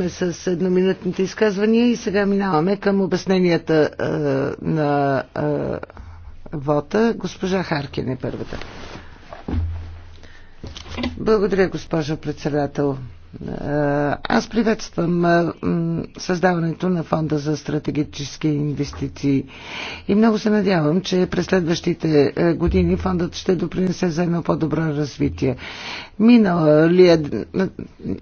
с едноминутните изказвания и сега минаваме към обясненията а, е, на а, е, вота. Госпожа Харкин е първата. Благодаря, госпожа председател. Аз приветствам създаването на фонда за стратегически инвестиции и много се надявам, че през следващите години фондът ще допринесе за едно по-добро развитие. е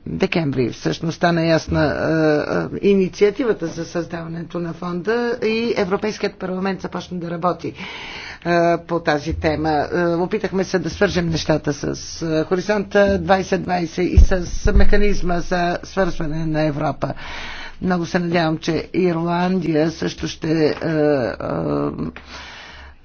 декември всъщност стана ясна инициативата за създаването на фонда и Европейският парламент започна да работи по тази тема. Опитахме се да свържем нещата с Хоризонта 2020 и с механизмите механизма за свързване на Европа. Много се надявам, че Ирландия също ще е, е,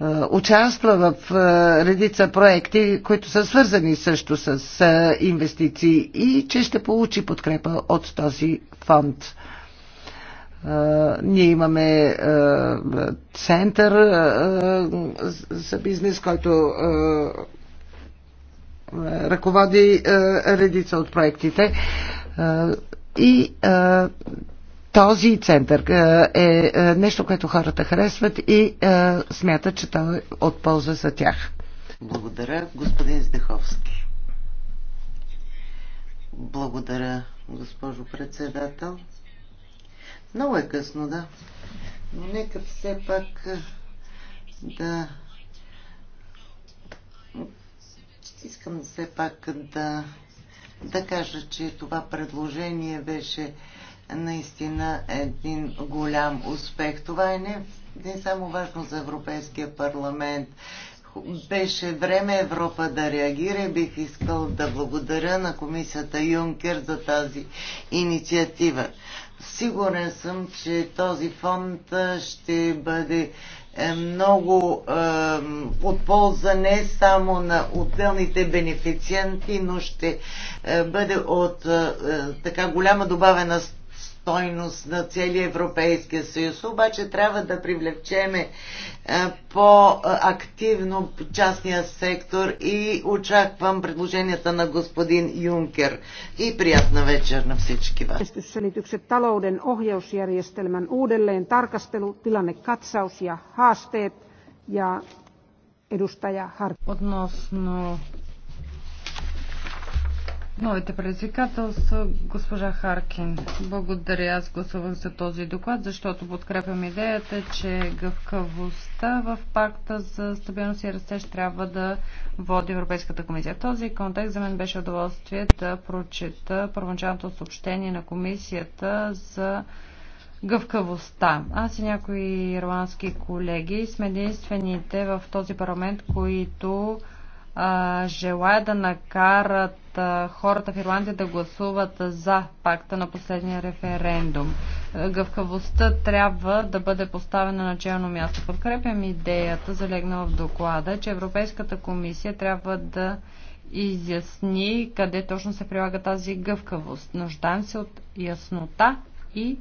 е участва в е, редица проекти, които са свързани също с е, инвестиции и че ще получи подкрепа от този фонд. Ние имаме център за бизнес, който ръководи е, редица от проектите. Е, и е, този център е нещо, което хората харесват и смятат, че той е от полза за тях. Благодаря, господин Здеховски. Благодаря, госпожо председател. Много е късно, да. Но нека все пак да искам все пак да, да кажа, че това предложение беше наистина един голям успех. Това е не, не само важно за Европейския парламент. Беше време Европа да реагира. Бих искал да благодаря на комисията Юнкер за тази инициатива. Сигурен съм, че този фонд ще бъде е, много е, от полза не само на отделните бенефициенти, но ще е, бъде от е, е така голяма добавена стойност стойност на целия Европейския съюз. Обаче трябва да привлечеме е, по-активно частния сектор и очаквам предложенията на господин Юнкер. И приятна вечер на всички вас. talouden ohjausjärjestelmän uudelleen tarkastelu, ja haasteet ja edustaja Hart. Относно Новите предизвикателства, госпожа Харкин. Благодаря, аз гласувах за този доклад, защото подкрепям идеята, че гъвкавостта в пакта за стабилност и растеж трябва да води Европейската комисия. В този контекст за мен беше удоволствие да прочета първоначалното съобщение на комисията за гъвкавостта. Аз и някои ирландски колеги сме единствените в този парламент, които а, желая да накарат хората в Ирландия да гласуват за пакта на последния референдум. Е, гъвкавостта трябва да бъде поставена на челно място. Подкрепям идеята, залегнала в доклада, че Европейската комисия трябва да изясни къде точно се прилага тази гъвкавост. Нуждаем се от яснота и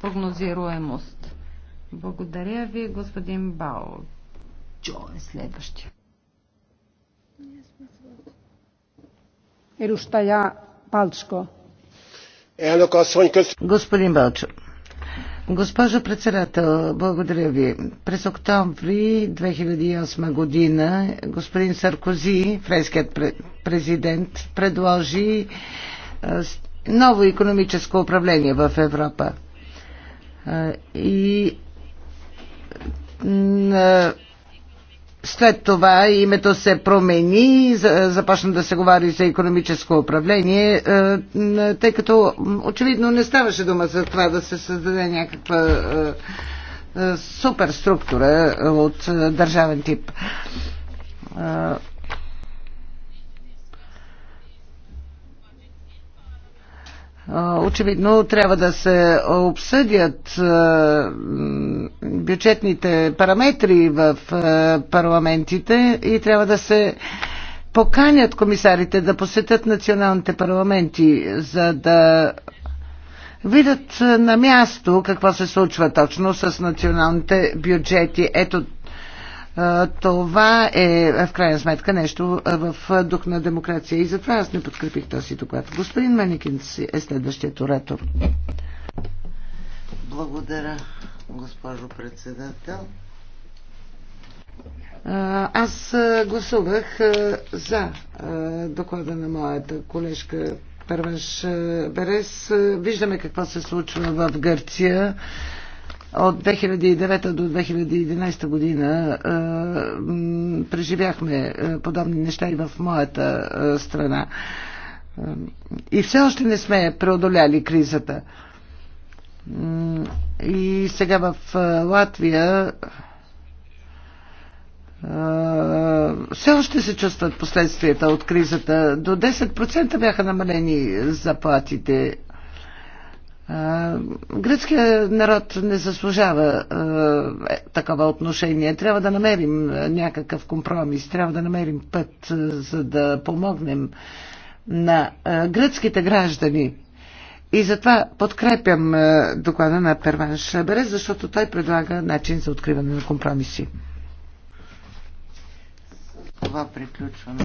прогнозируемост. Благодаря ви, господин Бао. Джо е следващия. Господин Балчо. Госпожо председател, благодаря ви. През октомври 2008 година господин Саркози, френският президент, предложи е, ново економическо управление в Европа. Е, и е, след това името се промени, започна да се говори за економическо управление, е, тъй като очевидно не ставаше дума за това да се създаде някаква е, е, суперструктура от държавен тип. Очевидно трябва да се обсъдят бюджетните параметри в парламентите и трябва да се поканят комисарите да посетят националните парламенти, за да видят на място какво се случва точно с националните бюджети. Ето това е, е в крайна сметка нещо в дух на демокрация и затова аз не подкрепих този доклад. Господин Меникин е следващият оратор. Благодаря, госпожо председател. Аз гласувах за доклада на моята колежка Първаш Берес. Виждаме какво се случва в Гърция. От 2009 до 2011 година е, преживяхме е, подобни неща и в моята е, страна. И все още не сме преодоляли кризата. И сега в Латвия все още се чувстват последствията от кризата. До 10% бяха намалени заплатите Гръцкият народ не заслужава е, такова отношение. Трябва да намерим някакъв компромис, трябва да намерим път, за да помогнем на е, гръцките граждани. И затова подкрепям е, доклада на Перван Шабере, защото той предлага начин за откриване на компромиси. Това приключваме